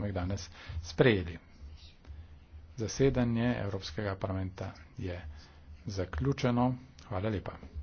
smo jih danes sprejeli. Zasedanje Evropskega parlamenta je zaključeno. Hvala lepa.